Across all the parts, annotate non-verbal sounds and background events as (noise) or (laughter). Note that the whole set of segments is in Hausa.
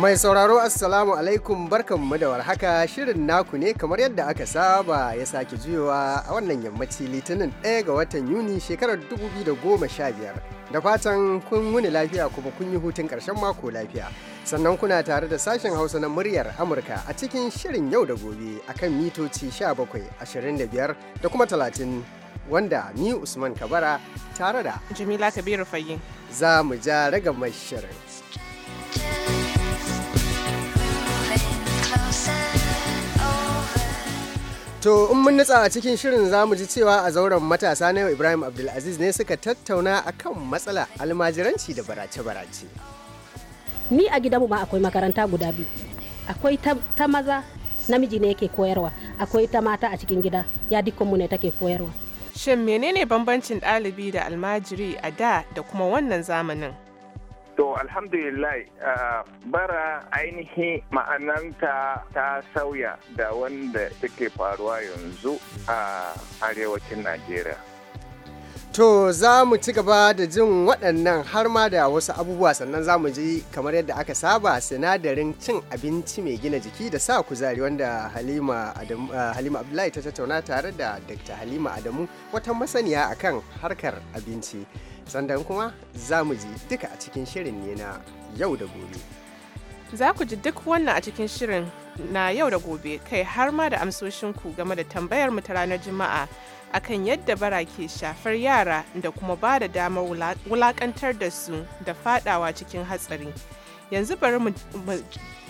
Mai sauraro Assalamu alaikum mu da warhaka shirin naku ne kamar yadda aka saba ya sake juyowa a wannan yammaci litinin 1 ga watan Yuni shekarar 2015. Da fatan kun wuni lafiya kuma kun yi hutun ƙarshen mako lafiya. Sannan kuna tare da sashen Hausa na muryar Amurka a cikin shirin yau da gobe akan mitoci 17, 25 da kuma 30. wanda ni Usman Kabara tare da Jamila Kabiru Fagin. Za mu ja ragamar shirin. To in mun nutsa a cikin shirin zamu ji cewa a zauren matasa na yau Ibrahim Abdulaziz ne suka tattauna akan matsala almajiranci da barace-barace. Ni a gidanmu ma akwai makaranta guda biyu. Akwai ta, maza namiji ne yake koyarwa, akwai ta mata a cikin gida ya dukkanmu ne take koyarwa. Shin menene bambancin ɗalibi da almajiri a da da kuma wannan zamanin? To alhamdulillah bara ainihi ma'ananta ta sauya da wanda take faruwa yanzu a arewacin Najeriya. To za mu ci gaba da jin waɗannan har ma da wasu abubuwa sannan za mu ji kamar yadda aka saba sinadarin cin abinci mai gina jiki da sa kuzari wanda Halima, Abdullahi ta tattauna tare da Dr. Halima Adamu wata masaniya akan harkar abinci. sandan kuma za mu ji duka a cikin shirin ne na yau da gobe. Za ku ji duk wannan a cikin shirin na yau da gobe kai har ma da amsoshinku game da tambayar mu ta ranar Juma'a akan yadda bara ke shafar yara da kuma ba da damar wulakantar da su da fadawa cikin hatsari. Yanzu bari mu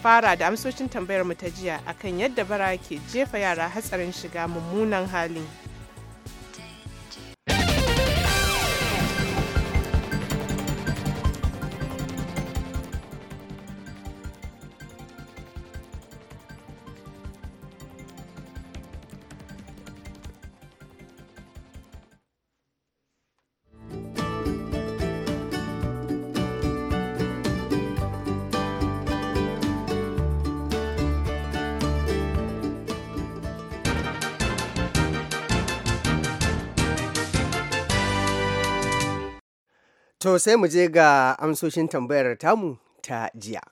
fara da amsoshin tambayar mu ta jiya akan yadda bara ke jefa yara hatsarin shiga mummunan hali. To sai mu je ga amsoshin tambayar tamu ta jiya.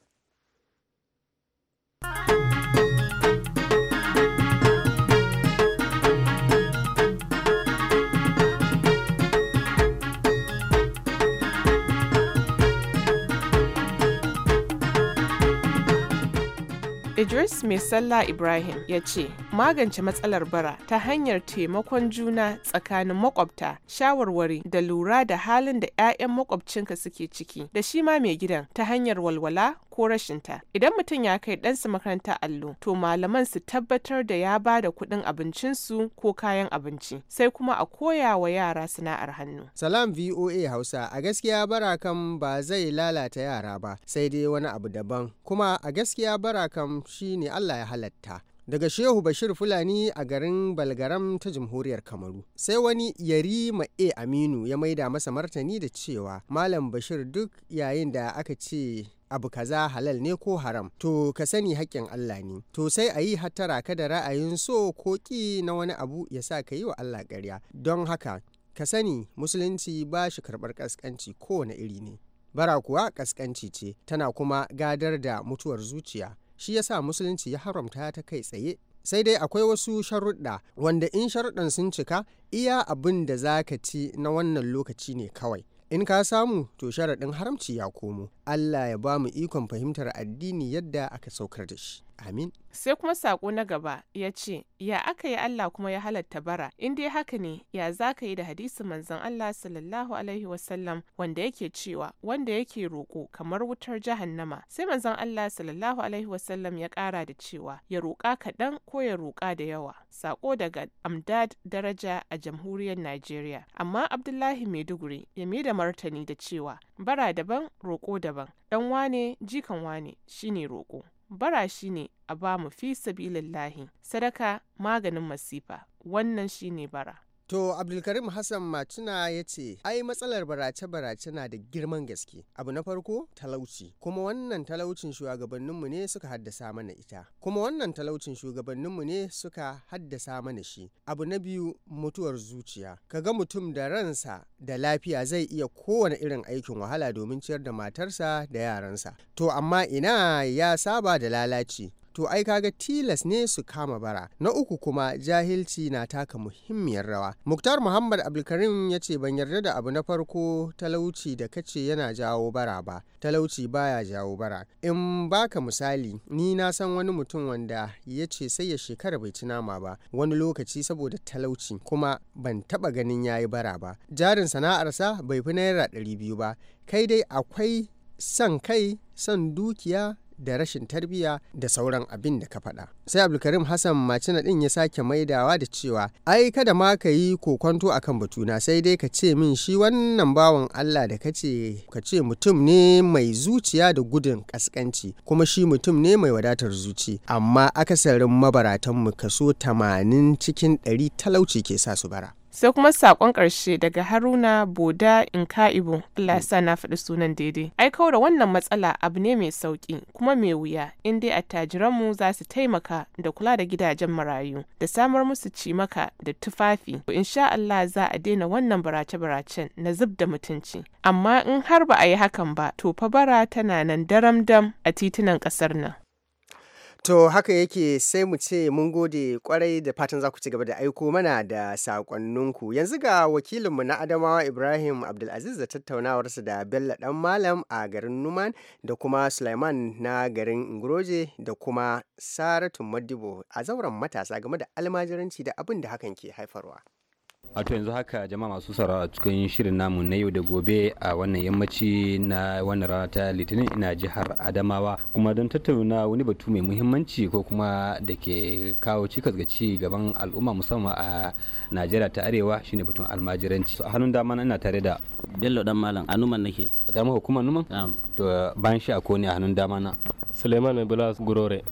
Idris Mai Sallah Ibrahim ya ce, magance matsalar bara ta hanyar taimakon juna tsakanin makwabta, shawarwari da lura da halin da 'ya'yan makwabcinka suke ciki da shi ma mai gidan ta hanyar walwala ko rashinta idan mutum ya kai ɗansa makaranta allo to malaman su tabbatar da ya ba da kuɗin abincinsu ko kayan abinci sai kuma a koya wa yara sana'ar hannu. Salam VOA Hausa a gaskiya bara ba zai lalata yara ba sai dai wani abu daban kuma a gaskiya bara kam shine Allah ya halatta. daga shehu bashir fulani a garin balgaram ta jamhuriyar kamaru sai wani yari ma a aminu ya maida masa martani da cewa malam bashir duk yayin da aka ce abu kaza halal ne ko haram to ka sani haƙƙin Allah ne to sai a yi hattara ka da ra'ayin so ko ƙi na wani abu ya sa ka yi wa Allah ƙarya don haka ka sani musulunci ba shi karɓar ƙasƙanci kowane iri ne bara kuwa ƙasƙanci ce tana kuma gadar da mutuwar zuciya shi yasa musulunci ya haramta ta kai tsaye sai dai akwai wasu sharuɗa wanda in sharuɗan sun cika iya abin da za ka ci na wannan lokaci ne kawai in ka samu to sharaɗin haramci ya komo Allah ya ba mu ikon fahimtar addini yadda aka saukar da shi Amin. Sai kuma sako na gaba ya ce, Ya aka yi Allah kuma ya halatta bara, in dai haka ne, ya za ka yi da hadisin manzon Allah sallallahu Alaihi wasallam wanda yake cewa wanda yake roƙo kamar wutar jahannama. Sai manzon Allah sallallahu Alaihi wasallam ya ƙara da cewa ya roƙa kaɗan ko ya roƙa da yawa. Sako daga Amdad Daraja a jamhuriyar Najeriya. Amma Abdullahi Maiduguri ya mai da martani da cewa bara daban roƙo daban. ɗan wane jikan wane shine roƙo. bara shine a ba mu fi sabilillahi sadaka maganin masifa wannan shine bara To Abdulkarim Hassan Matuna ya ce, "Ai matsalar barace-barace na da girman gaske. Abu na farko talauci, kuma wannan talaucin shugabanninmu ne suka haddasa mana ita. Kuma wannan talaucin shugabanninmu ne suka haddasa mana shi. Abu na biyu mutuwar zuciya. ka ga mutum da ransa da lafiya zai iya kowane irin aikin wahala domin ciyar da matarsa da yaransa. To amma ina ya saba da lalaci, to ai kaga tilas ne su kama bara na uku kuma jahilci na taka muhimmiyar rawa muktar muhammad abdulkarim ya ce ban yarda da abu na farko talauci da kace yana jawo bara ba talauci baya jawo bara in baka misali ni na san wani mutum wanda ya ce sai ya shekara bai ci nama ba wani lokaci saboda talauci kuma ban taba ganin yayi bara ba jarin sana'arsa bai fi naira ɗari biyu ba kai dai akwai san kai san dukiya da rashin tarbiyya da sauran abin da ka faɗa sai abdulkarim hassan macina ɗin ya sake maidawa da cewa ai kada ma ka yi kokonto akan batuna sai dai ka ce min shi wannan bawan allah da ka ce ka ce mutum ne mai zuciya da gudun ƙasƙanci kuma shi mutum ne mai wadatar zuci amma akasarin mabaratanmu kaso tamanin cikin ɗari talauci ke sa su bara Sai kuma sakon ƙarshe daga Haruna Boda ka'ibu Allah sa na faɗi sunan daidai. Ai da wannan matsala abu ne mai sauƙi kuma mai wuya, in dai attajiranmu za su taimaka da kula da gidajen marayu, da samar musu cimaka da tufafi. To insha Allah za a daina wannan barace-baracen na zub da mutunci. Amma in har ba a yi hakan ba, to fa bara tana nan daram-dam a titunan ƙasar nan. To haka yake sai mu ce mun gode kwarai da fatan za ku ci gaba da aiko mana da sakonninku. Yanzu ga wakilinmu na Adamawa Ibrahim Abdulaziz da tattaunawarsa da Bello ɗan Malam a garin Numan da kuma Sulaiman na garin Ingroje da kuma Saratu Madibo a zauren matasa game da almajiranci da abin da hakan ke haifarwa. a to yanzu haka jama'a masu sauraro a cikin shirin namu na yau da gobe a wannan yammaci na wannan rana ta litinin ina jihar adamawa kuma don tattauna wani batu mai muhimmanci ko kuma da ke kawo cikas ga ci gaban al'umma musamman a najeriya ta arewa shine batun almajiranci a hannun dama ina tare da bello dan malam a numan nake a karamar hukumar numan to bayan shi a kone a hannun dama na suleiman mai bulas gurore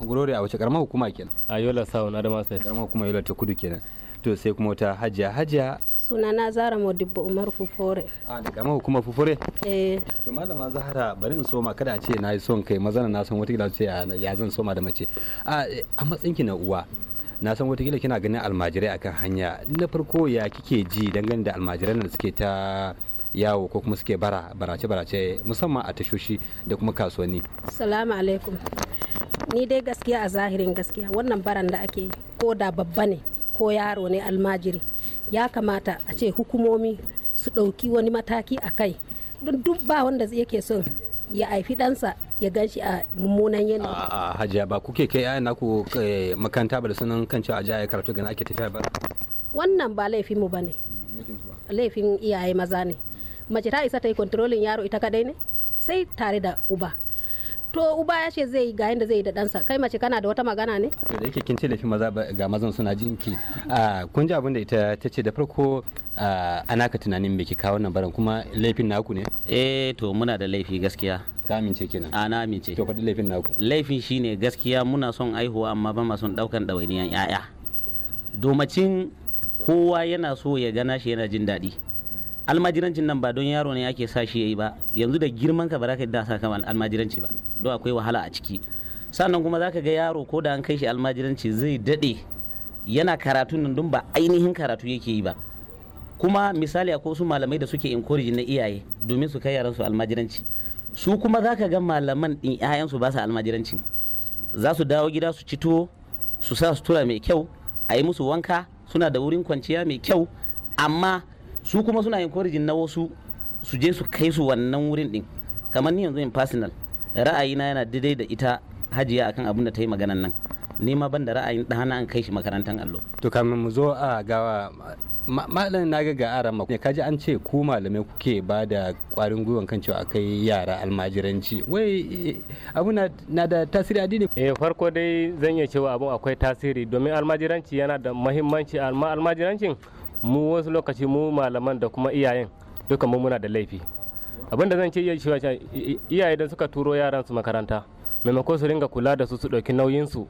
gurore a wace karamar hukuma kenan a yola sawun adama sai karamar hukuma yola ta kudu kenan to sai kuma wata hajiya hajiya na zara modibbo umar fufore a daga hukumar fufore eh to malama zahara bari in soma kada a ce na yi son kai mazana na son watakila ce ah, ya zan soma da mace a matsayinki na uwa na san watakila kina ganin almajirai akan hanya na farko ya kike ji dangane da almajirai da suke ta yawo ko kuma suke bara barace barace musamman a tashoshi da kuma kasuwanni salamu alaikum ni dai gaskiya a zahirin gaskiya wannan baran da ake ko da babba ne ko yaro ne almajiri ya kamata a ce hukumomi su ɗauki wani mataki a kai don duk ba wanda yake son ya haifi ɗansa ya gan a mummunan yanayi. A hajiya ba kuke kai ayan naku eh, makanta ba da sunan kan cewa a ya karatu gana ake tafiya ba. Wannan ba laifin mu bane. Laifin iyaye maza ne. Mace ta isa ta yi kontrolin yaro ita kadai ne sai tare da uba. to uba ya ce zai ga yadda zai da ɗansa kai mace kana da wata magana ne to da yake kin ce laifin maza ga mazan suna jin ki kun ji abin da ita ta ce da farko ana ka tunanin me ki kawo nan baran kuma laifin naku ne eh to muna da laifi gaskiya ka amince kenan a na amince to faɗi laifin naku laifin shine gaskiya muna son aihuwa amma ba ma son ɗaukan ɗawainiyan 'ya'ya domacin kowa yana so ya gana shi yana jin daɗi almajirancin nan ba don yaro ne ake sa shi yayi ba yanzu da girman ka ba za ka da sa kama almajiranci ba don akwai wahala a ciki sannan kuma za ka ga yaro ko da an kai shi almajiranci zai daɗe yana karatu nan don ba ainihin karatu yake yi ba kuma misali akwai wasu malamai da suke encourage na iyaye domin su kai yaransu almajiranci su kuma za ka ga malaman ɗin 'ya'yansu ba su almajiranci za su dawo gida su ci tuwo su sa sutura mai kyau a yi musu wanka suna da wurin kwanciya mai kyau amma su kuma suna encouraging na wasu su je su kai su wannan wurin din kamar ni yanzu in personal ra'ayina yana daidai da ita hajiya akan abin da ta yi maganan nan ni ma ban da ra'ayin ɗana an kai shi makarantar allo to kamar mu zo a gawa malamin na ga aran ne kaji an ce ku malamai kuke ba da kwarin gwiwan kan cewa akai yara almajiranci wai abu na da tasiri dini eh farko dai zan iya cewa abu akwai tasiri domin almajiranci yana da muhimmanci amma almajirancin mu wasu lokaci mu malaman da kuma iyayen duka mu muna da laifi abin da zan ce iyaye da suka turo yaran su makaranta maimakon su ringa kula da su su ɗauki nauyin su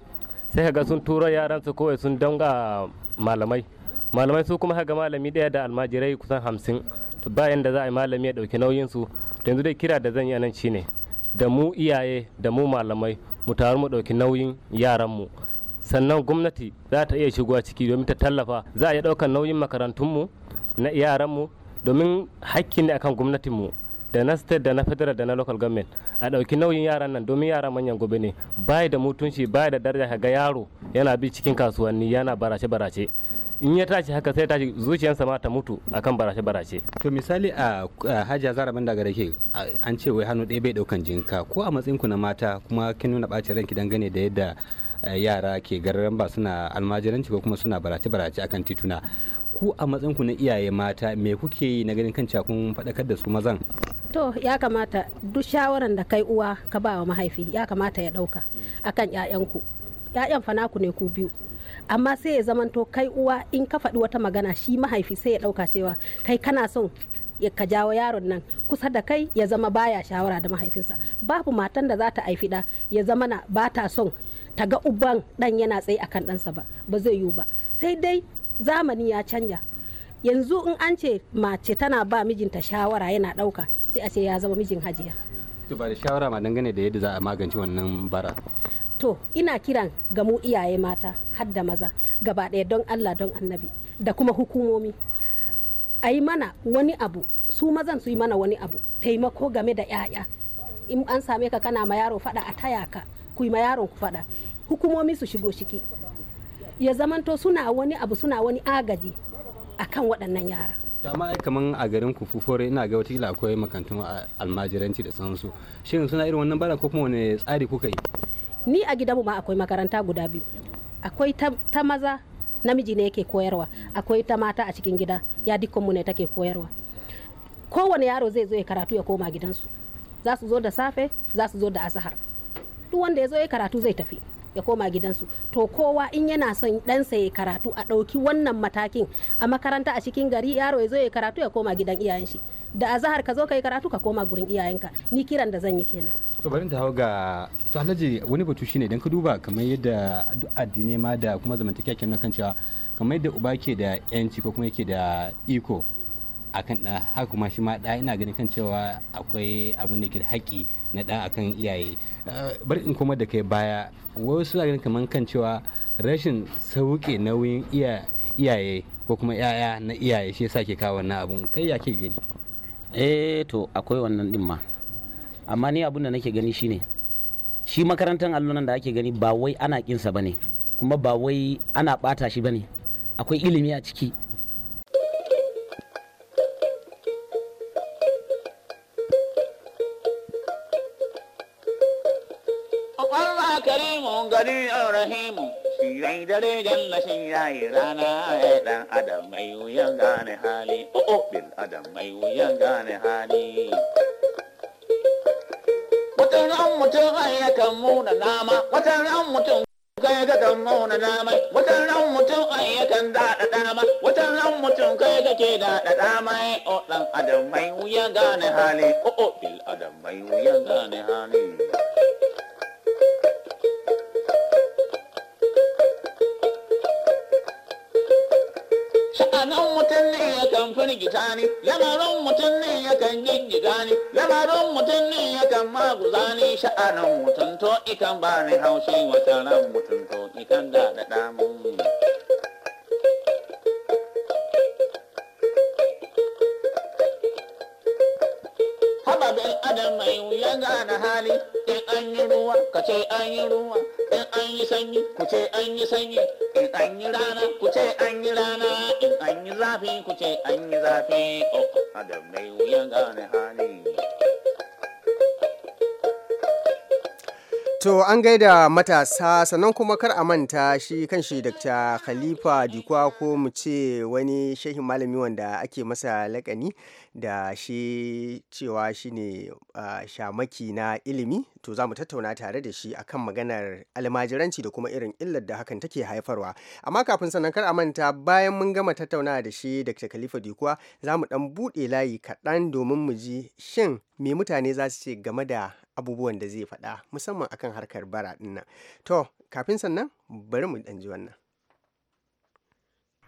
sai kaga sun turo yaran su kawai sun danga malamai malamai su kuma haka malami ɗaya da almajirai kusan hamsin to bayan da za a yi malami ya ɗauki nauyin su yanzu dai kira da zan yi nan shine da mu iyaye da mu malamai mu taru mu ɗauki nauyin yaran mu sannan gwamnati za ta iya shigowa ciki domin ta tallafa za a iya ɗaukar nauyin makarantunmu na yaranmu domin hakki ne akan gwamnatinmu da na state da na federal da na local government a ɗauki nauyin yaran nan domin yaran manyan gobe ne baya da mutunci baya da daraja ga yaro yana bi cikin kasuwanni yana barace barace in ya tashi haka sai tashi zuciyarsa ma ta mutu akan barace barace to misali a hajiya zara ban daga rake an ce wai hannu ɗaya bai ɗaukan jinka ko a matsayin ku na mata kuma kin nuna ɓacin ranki dangane da yadda Eh, yara ke gararan ba suna almajiranci ko kuma suna barace-barace akan tituna ku a matsayinku na iyaye mata me kuke yi na ganin kan kun faɗakar da su mazan to ya kamata duk shawaran da kai uwa ka ba wa mahaifi ya kamata ya ɗauka akan 'ya'yanku 'ya'yan fanaku ne ku biyu amma sai ya zamanto kai uwa in ka faɗi wata magana shi mahaifi sai ya ɗauka cewa kai kana son ka jawo yaron nan kusa da kai ya zama baya shawara da mahaifinsa babu matan da za ta haifi ɗa ya zamana na ba ta son ta ga uban dan yana tsaye akan ɗansa ba ba zai yiwu ba sai dai zamani ya canja yanzu in an ce mace tana ba mijinta shawara yana ɗauka sai a ce ya zama mijin hajiya to ba da shawara ma dangane da yadda za a magance wannan bara to ina kiran ga mu iyaye mata har da maza gaba ɗaya don allah don annabi da kuma hukumomi a yi mana wani abu su mazan su yi mana wani abu taimako game da 'ya'ya in an same ka kana ma yaro faɗa a taya ka ku yi ma yaron ku faɗa hukumomi su shigo shiki ya zamanto suna wani abu suna wani agaji a kan waɗannan yara dama ai kaman a garin ku fufore ina ga watakila akwai makantun almajiranci da sansu shin suna irin wannan bara ko kuma wani tsari kuka yi ni a gidanmu ma akwai makaranta guda biyu akwai ta maza namiji ne yake koyarwa akwai ta mata a cikin gida ya dukkanmu ne take koyarwa kowane yaro zai zo ya karatu ya koma gidansu za su zo da safe za su zo da asahar duk wanda ya zo ya karatu zai tafi ya koma gidansu to kowa in yana son ɗansa ya karatu a ɗauki wannan matakin a makaranta a cikin gari yaro ya zo ya karatu ya koma gidan iyayen shi da a zahar ka zo ka yi karatu ka koma gurin iyayenka ni kiran da zan yi kenan to bari ta hau ga to alhaji wani batu shine idan ka duba kamar yadda addini ma da kuma zamantakewa kenan kan cewa kamar yadda uba ke da yanci ko kuma yake da iko akan ɗa haka kuma shi ma ɗa ina ganin kan cewa akwai abin da ke da haƙƙi na a akan iyaye eh, bar in kuma da kai baya wasu suna ganin kamar kan cewa rashin sauke nauyin iyaye ko kuma 'ya'ya na iyaye shi yasa ke kawo wannan abun kai ya ke gani eh to akwai wannan din ma amma ni abun da nake gani shine shi makarantar allunan da ake gani ba wai ana kinsa bane kuma ba wai ana bata shi bane akwai ilimi a ciki gari a rahimu shi rai dare janna shi yayi rana ya dan adam mai wuyan gane hali o'o bil adam mai wuyan gane hali watan ran mutum ai yakan muna nama watan ran mutum kai ga kan muna nama watan ran mutum ai yakan daɗa dama watan ran mutum kai ga ke daɗa dama o dan adam mai wuyan gane hali o'o bil adam mai wuyan gane hali Tunanin mutum ne yakan firgita ne, lamarin mutum ne yakan gingiga ne, lamarin mutum ne yakan maguza ne, sha'anin mutum to ikan ba ni haushi wata ran mutum to ikan da da damun. Haba bin adam mai wuya gane hali, in an yi ruwa, ka ce an yi ruwa, in an yi sanyi ku ce an yi sanyi in an yi rana ku ce an yi rana in an yi zafi ku ce an yi zafi oh, oh adam mai wuyan gane hali To an gaida matasa sannan kuma kar a manta shi kan shi Dr. Khalifa Dikwa ko mu ce wani shehin malami wanda ake masa lakani da shi cewa shi ne shamaki na ilimi to za mu tattauna tare da shi akan maganar almajiranci da kuma irin illar da hakan take haifarwa amma kafin sannan kar a manta bayan mun gama tattauna da shi Dr. Khalifa Dikwa za mu dan buɗe layi kaɗan domin mu ji shin me mutane za su ce game da abubuwan da zai faɗa musamman akan harkar bara ɗin nan to kafin sannan bari mu ɗan ji wannan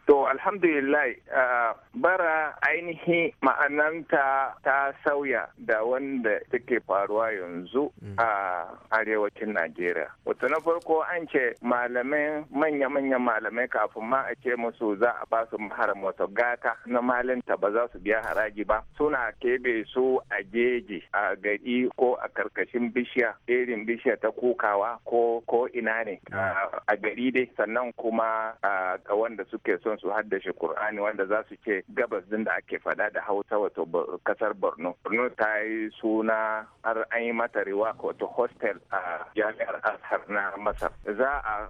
To alhamdulillah uh, bara ainihi ma'ananta ta sauya da wanda take faruwa yanzu mm. a arewacin Najeriya. Wata na farko an ce malamai manya-manyan malamai kafin ma a ce musu za a ba su wata gata na malinta ba za su biya haraji ba suna kebe su a jeji a gari ko a karkashin bishiya irin bishiya ta kukawa ko ko ina ne ah. a gari dai sannan kuma ga wanda suke son son su haddace Kur'ani wanda za su ce gabas din da ake faɗa da Hausa wato kasar Borno. Borno ta yi suna har an yi mata riwa wato hostel a jami'ar Azhar na Masar. Za a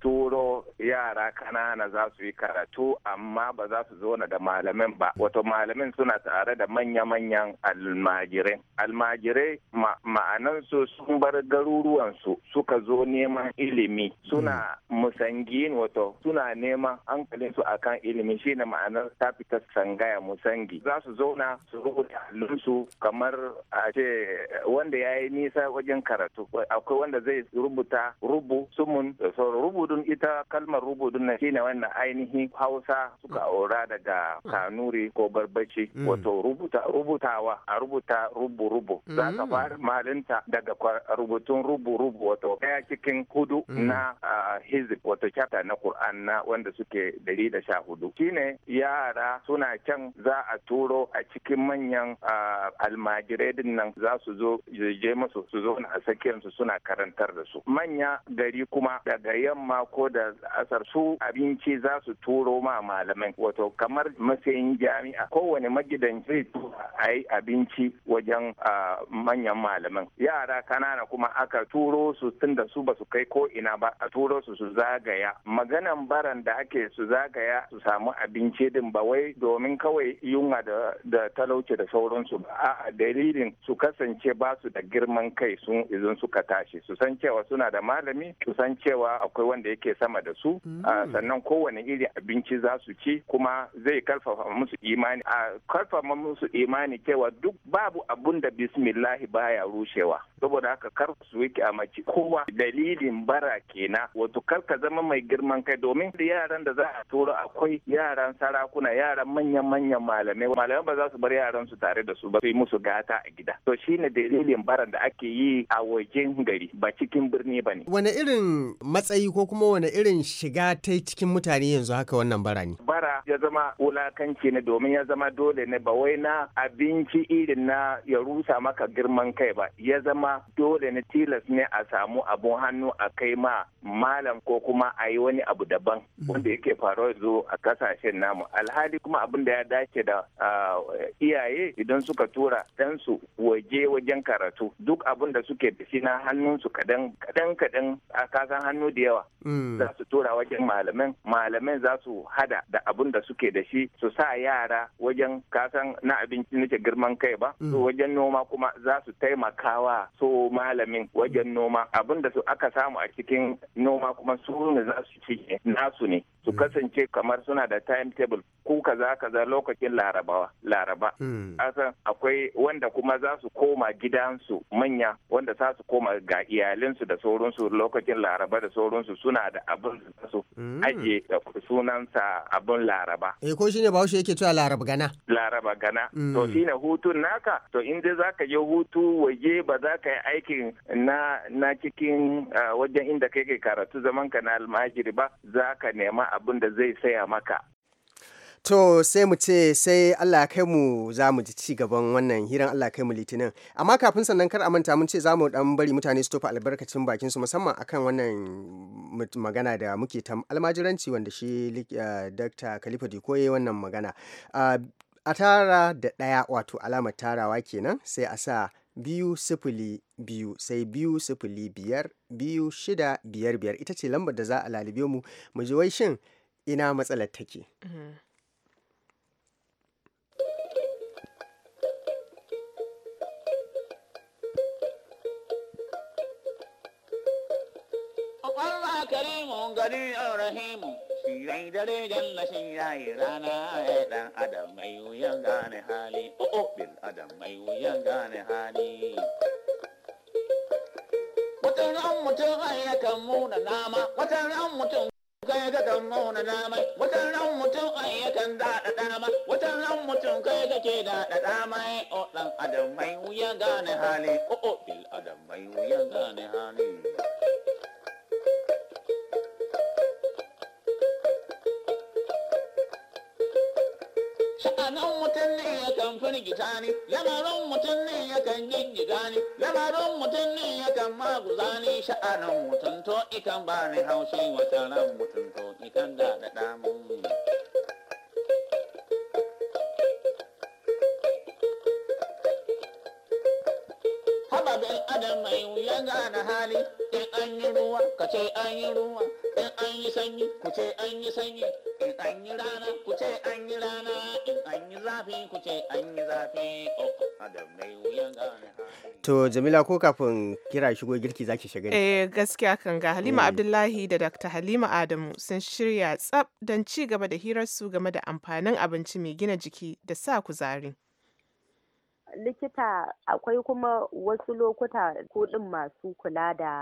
turo yara kanana za su yi karatu amma ba za su zauna da malamin ba. Wato malamin suna tare da manya-manyan almajirai. Almajirai ma'anansu sun bar garuruwansu suka zo neman ilimi suna hmm. musangin wato suna neman hankalin su akan ilimi shi shine ma'anar ta fita sangaya musangi za su zauna su rubuta hallunsu kamar a ce wanda ya yi nisa wajen karatu akwai wanda zai rubuta rubu sumun rubudun ita kalmar rubudun na shi ne wannan ainihin hausa suka aura daga kanuri ko barbaci mm. wato rubuta rubutawa a rubuta rubu rubu za ka mm. fara malinta daga rubutun rubu rubu wato daya cikin hudu mm. na hizib wato chapter na qur'an na wanda suke dari da sha hudu shine yara suna can za a turo a cikin manyan almajirai nan za su zo je masu su zo a su suna karantar da su manya gari kuma daga yamma ko da asar su abinci za su turo ma malamai wato kamar matsayin jami'a kowane magidanci a yi abinci wajen manyan malaman yara kanana kuma aka turo su tun da su ba su kai ko ina ba a turo su su zagaya maganan baran da ake su zagaya kewaya su samu abinci din ba wai domin kawai yunwa da talauci da sauransu ba a dalilin su kasance ba su da girman kai sun izin suka tashi su san cewa suna da malami su san cewa akwai wanda yake sama da su mm. ah, sannan kowane iri abinci za su ci kuma zai karfafa musu imani a karfafa musu imani cewa duk babu abun da bismillahi baya rushewa saboda haka kar su yi kyamaci kowa dalilin bara kenan wato kar ka zama mai girman kai domin yaran da za a turo akwai yaran sarakuna yaran manyan manyan malamai malamai ba za su bar yaran su tare da su ba sai musu gata a gida to shine dalilin baran da ake yi a wajen gari ba cikin birni ba ne wani irin matsayi ko kuma wani irin shiga ta cikin mutane yanzu haka wannan bara ne bara ya zama wulakanci ne domin ya zama dole ne ba wai na abinci irin na ya rusa maka girman kai ba ya zama dole ne tilas ne a samu abun hannu a kai ma malam ko kuma a yi wani abu daban mm. wanda yake faruwa zo a kasashen namu alhali kuma abin da ya dace da iyaye idan suka tura ɗansu waje wajen karatu duk abin da suke da shi na hannunsu kadan kadan kadan a kasan hannu da yawa mm. za su tura wajen malaman malaman za su hada da abin da suke da shi su sa yara wajen kasan na abinci nake girman kai ba su mm. wajen noma kuma za su taimakawa so malamin wajen noma abin da su aka samu a cikin noma kuma su ne za su ci nasu ne su mm. kasance kamar suna da timetable ku kaza kaza lokacin larabawa laraba hmm. asan akwai wanda kuma za su koma gidansu manya wanda za su koma ga iyalinsu da sauransu lokacin laraba da sauransu suna da abin da su hmm. aje sunansa abin laraba eh ko shine bahaushe yake cewa laraba gana laraba gana hmm. to shine hutun naka to in dai zaka je hutu waje ba za ka yi aikin na na cikin ah, wajen inda kai ke karatu zaman ka na almajiri ba za ka nema abin da zai saya maka To sai mu ce sai Allah kai mu za mu ji ci gaban wannan hiran Allah kai mu litinin. Amma kafin sannan kar a manta mun ce za mu dan bari mutane su tofa albarkacin bakin su musamman akan wannan magana da muke ta almajiranci wanda shi eh, Dr. Khalifa Dikoye wannan magana. A tara da ɗaya wato alamar tarawa kenan sai a sa biyu sifili biyu sai biyu sifili biyar biyu shida biyar biyar ita ce lambar da za a lalibe mu mu ji wai shin ina matsalar take mm-hmm. karimu gari rahimu shi dare janna yayi rana ya dan adam mai wata ran oh, oh, mutum ai yakan muna nama wata ran mutum kai ga kan nuna dama watan ran mutum ai yakan daɗa dama ran mutum kai ga ke da dama o dan adam mai wuya gane hali o bil adam mai wuya gane hali firgita ni lamarin mutum ne yakan gingida ni lamarin mutum ne yakan maguza guzani sha'anin mutum to ikan ba ni haushi wata ran mutum to ikan da da damun Haba bin adam mai wuya gane hali in an yi ruwa ka ce an yi ruwa yi sanyi ku ce an yi sanyi in an yi rana ku ce an yi rana in an yi zafi ku ce an yi zafi oh, To Jamila ko kafin kira shigo girki zaki shiga Eh gaskiya kan ga Halima hmm. Abdullahi da Dr. Halima Adamu sun shirya tsab don ci gaba da hirar su game da amfanin abinci mai gina jiki da sa kuzari. Likita akwai kuma wasu lokuta kuɗin masu kula da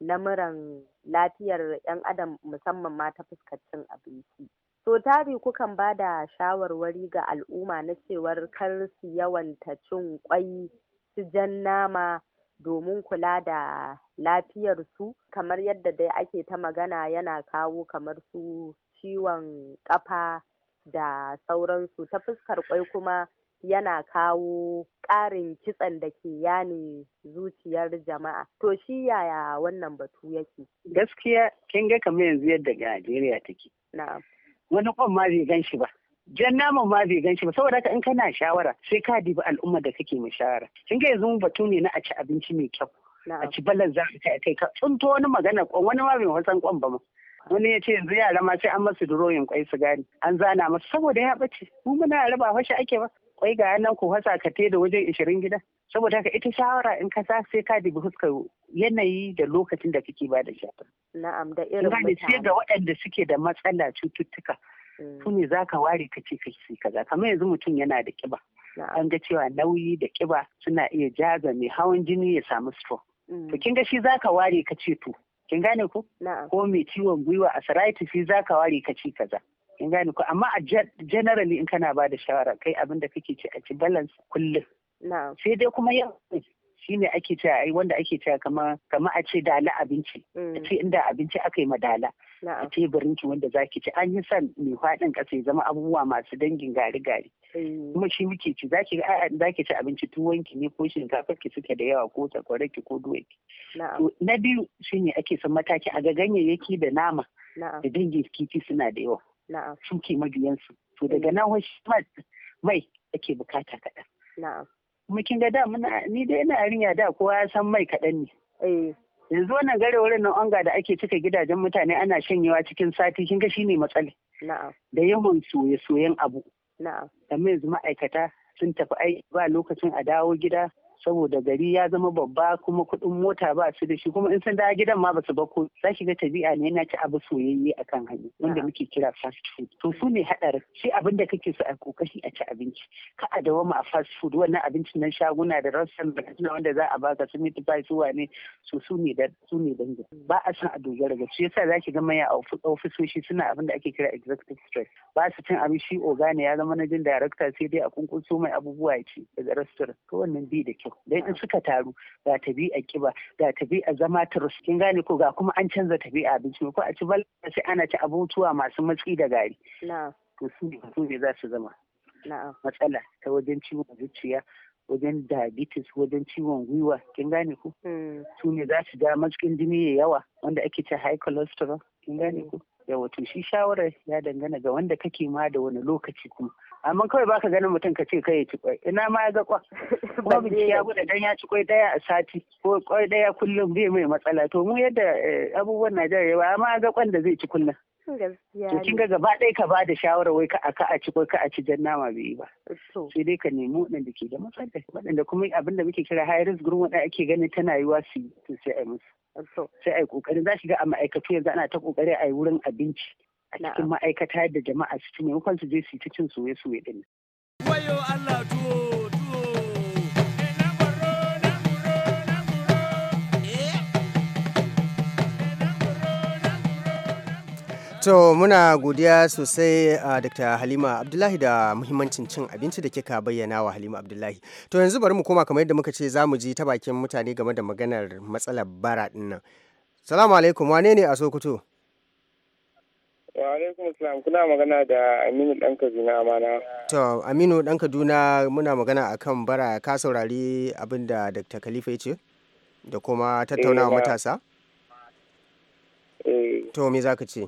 lamuran lafiyar 'yan adam musamman ma ta fuskar cin abinci. So tari kukan ba da shawarwari ga al'umma na cewar kar su yawanta cin kwai su jan nama domin kula da lafiyarsu kamar yadda dai ake ta magana yana kawo kamar su ciwon ƙafa da sauransu ta fuskar kwai kuma yana kawo ƙarin kitsan da ke yane zuciyar jama'a to shi yaya wannan batu yake gaskiya kin ga kamar yanzu yadda Najeriya take na'am wani kwan ma bai gan shi ba jan naman ma bai ganshi ba saboda haka in kana shawara sai ka dibi al'umma da kake mu shawara kin ga yanzu batu ne na a ci abinci mai kyau a ci balan za ka kai ka tsunto wani magana kwan wani ma bai wasan kwan ba ma wani ya ce yanzu yara ma sai an masu duroyin kwai su gane an zana masu saboda ya bace mu muna raba fashi ake ba kwai ga nan ku hasa ka te da wajen ishirin gida saboda haka ita shawara in ka sa sai ka dubi fuskar yanayi da lokacin da kake ba da shafin. na'am da irin mutane sai ga waɗanda suke da matsala cututtuka mm. su ne za ka ware ka ce kai kaza kamar yanzu mutum yana da kiba an ga cewa nauyi da kiba suna iya jaga mai hawan jini ya samu stroke mm. to kin ga shi za ka ware ka ce to kin gane ko ko mai ciwon gwiwa a arthritis shi za ka ware ka ce kaza in gane ku amma a generally in kana ba da shawara kai abin da kake ci a ci balance kullum sai dai kuma yau shi ne ake cewa ai wanda ake cewa kama kama a ce dala abinci mm. a ce inda abinci aka yi madala a teburin ki wanda zaki ci an yi san mai faɗin ƙasa ya zama abubuwa masu dangin gari gari mm. kuma shi muke ci zaki zaki ci abinci tuwon ki ne ko shinkafar ki suke da yawa ko takwarar ki ko duwai ki na biyu shine ake son mataki a ga ganyayyaki da nama da dangin kifi suna da yawa suke mabiyansu to daga mm. nan smart mai ake bukata kaɗan kuma kin ga da muna ni dai ina yarinya da kowa ya san mai kaɗan ne eh. yanzu wannan gare wurin nan onga da ake cika gidajen mutane ana shanyewa cikin sati kin ga shine matsali da yawan soye soyen abu da yanzu ma'aikata sun tafi aiki ba lokacin a dawo gida saboda gari ya zama babba kuma kuɗin mota ba su da shi kuma in sun dawo gidan ma ba su bako za shiga tabi'a ne yana ci abu soyayye akan hanya wanda muke kira fast food to su ne haɗarin shi abin da kake so a kokashi a ci abinci ka a dawo ma a fast food wannan abincin nan shaguna da rassan da wanda za a baka su meat su wane su su ne da su ne dangi ba a san a dogara ga shi yasa za ki ga maya a ofisoshi suna abin da ake kira executive stress ba su cin abin shi ogana. ya zama na jin director sai dai a kunkunso mai abubuwa ya ci daga restaurant Ko wannan bi da kyau dan in suka taru ga a kiba ga tabi'a zama turus kin gane ko ga kuma an canza tabi'a abinci ko a ci bal sai ana ci abubuwa masu matsi da gari to su ne su ne za su zama matsala ta wajen ciwon zuciya wajen diabetes wajen ciwon gwiwa kin gane ko hmm. su ne za su ja matsin jini ya yawa wanda ake ce high cholesterol kin gane ko hmm. yawa to shi shawarar ya dangana ga wanda kake ma da wani lokaci kuma amma kawai baka ganin mutum ka ce kai ci kwai ina ma ya ga kwa (laughs) kuma bincike ya gudu dan ya ci kwai daya a sati ko kwai daya kullum bai mai matsala to mu yadda eh, abubuwan Najeriya ba amma ga kwan da zai ci kullum to kin ga gaba ɗaya ka ba da shawara wai ka aka a ci ko ka a ci jan nama bai ba sai dai ka nemi waɗanda ke da matsala waɗanda kuma abin da muke kira high risk group waɗanda ake ganin tana yiwa su yi to sai a yi musu sai a yi kokari za ga a ma'aikatu yanzu ana ta ƙoƙari a yi wurin abinci cikin ma'aikata da jama'a su ci maimakon su je su ta cin soye-soye din. So eh, muna godiya sosai ah, a Dr. Halima Abdullahi da muhimmancin cin abinci da kika bayyana wa Halima Abdullahi. To yanzu bari mu koma kamar yadda muka ce za mu ji ta bakin mutane game da maganar matsalar bara dinnan. Salamu alaikum wane ne a Sokoto? Wa kuna magana da Aminu dan Kaduna amana. To Aminu dan Kaduna muna magana akan bara ka saurari abin da Dr. Khalifa ya ce da kuma eh, tattaunawa matasa? Eh. To me ka ce?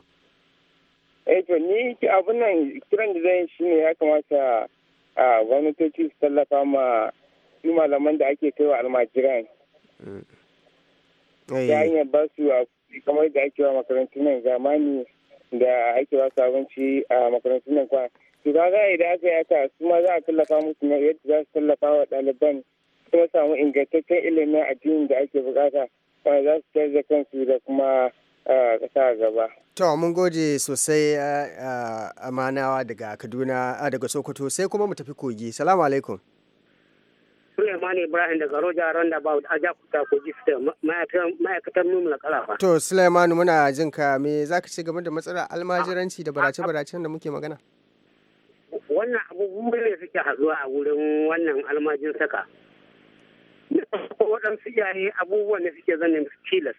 Eh to ni abin nan kiran da zai shi ne ya kamata a gwamnatoci su tallafa ma su malaman da ake kai wa almajiran. Mm. Ta eh. hanyar ba su kamar da ake wa makarantunan zamani da ake ba su abinci a makarantun nan kwana to kaga idan aka yi ta su ma za a tallafa musu na yadda za su tallafa wa ɗaliban kuma samu ingantaccen ilimin addinin da ake bukata wanda za su kai da kansu da kuma ƙasa gaba. To mun gode sosai amanawa daga Kaduna daga Sokoto sai kuma mu tafi kogi. Salamu alaikum. Suleiman Ibrahim daga Roja Roundabout a Jakuta Kogi State ma'aikatar Numula Kalafa. To Suleiman muna jin ka me za ka ce game da matsalar almajiranci da barace-baracen da muke magana? Wannan abubuwan ne suke haɗuwa a wurin wannan almajin saka. waɗansu iyaye abubuwan da suke zanen tilas.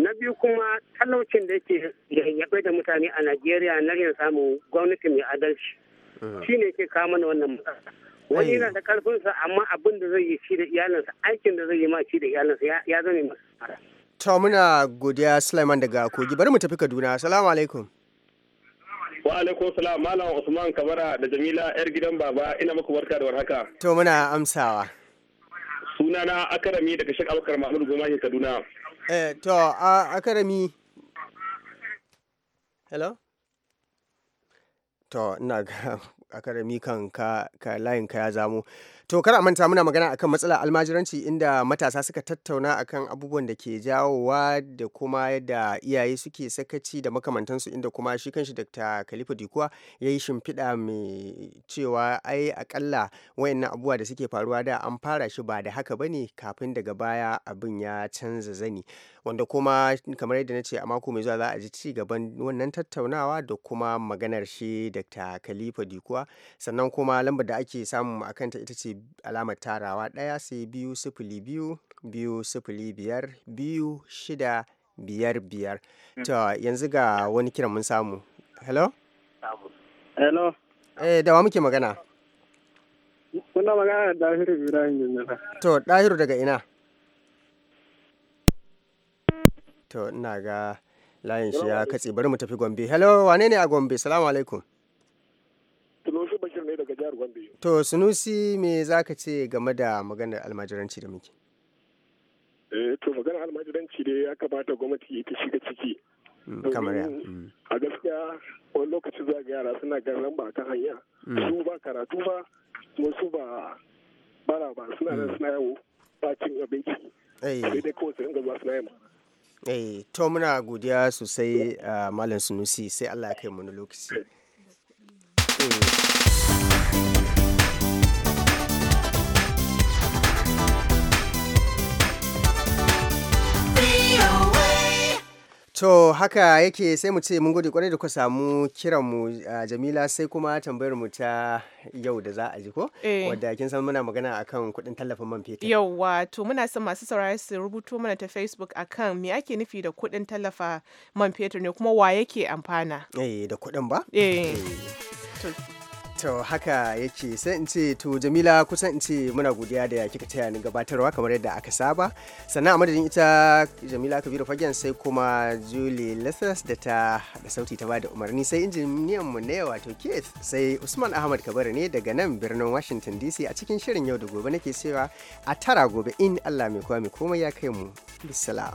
Na biyu kuma talaucin da yake yayyabe da mutane a Najeriya na yin samun gwamnati mai adalci. Mm. Shi ne ke kama wannan matsala. wani yana da karfinsa amma abin da zai yi shi da iyalinsa aikin da zai yi ma shi da iyalinsa ya zame masu to muna godiya Sulaiman daga kogi bari mu tafi Kaduna assalamu alaikum wa alaikum salam malam Usman Kamara da Jamila yar gidan baba ina muku barka da warhaka to muna amsawa sunana Akarami daga shek Abubakar Mahmud Goma Kaduna eh to a Akarami hello to ina ga akarami kan ka, ka layin ka ya zamo To kar a manta muna magana akan matsalar almajiranci inda matasa suka tattauna akan abubuwan da ke jawowa da kuma yadda iyaye suke sakaci da makamantansu inda kuma shi kanshi Dr. Khalifa Dikuwa ya yi shimfiɗa mai cewa ai akalla wayannan abubuwa da suke faruwa da an fara shi ba da haka bane kafin daga baya abin ya canza zani wanda kuma kamar yadda na ce a mako mai zuwa za a ji ci gaban wannan tattaunawa da kuma maganar shi Dr. Khalifa Dikuwa sannan kuma lambar da ake samu akanta ita ce alamar tarawa ɗaya sai biyu sifili biyu biyu sifili biyar biyu shida biyar biyar hmm. to yanzu ga wani kiran mun samu hello hello eh da wa muke magana kuna magana da Dahiru Ibrahim Jinnata to Dahiru daga ina to ina ga layin shi ya katse bari mu tafi Gombe hello wane ne a Gombe salamu alaikum jami'ar gombe to sunusi me za ka ce game da maganar almajiranci da muke eh to maganar almajiranci dai ya kamata gwamnati ta shiga ciki mm, kamar ya mm. a gaskiya wani lokaci za ga yara suna ganin ba kan hanya mm. su ba karatu ba su ba bara ba suna nan suna yawo ba cin abinci eh. sai dai kawai su ringa zuwa suna yawo eh to muna godiya sosai ah, malam sunusi sai Allah ya kai mu lokaci eh. To haka yake sai mu ce mun gode kwarai da ku samu kiranmu uh, ah, Jamila sai kuma tambayar mu ta yau da za a ji ko? Eh. Wadda kin san muna magana akan kuɗin tallafin man fetur. Yauwa to muna son masu saurari su rubuto mana ta Facebook akan me ake nufi da kuɗin tallafa man fetur ne kuma wa yake amfana? Eh da kuɗin ba? Eh. eh. to haka yake sai in ce to jamila kusan in ce muna godiya da ya kika taya ni gabatarwa kamar yadda aka saba sannan a madadin ita jamila kabiru fagen sai kuma julie lethas da ta da sauti ta bada umarni sai injiniyan mu ne wato keith sai usman ahmad kabari ne daga nan birnin washington dc a cikin shirin yau da gobe nake cewa a tara gobe in allah mai kwami mai komai ya kai mu bisalam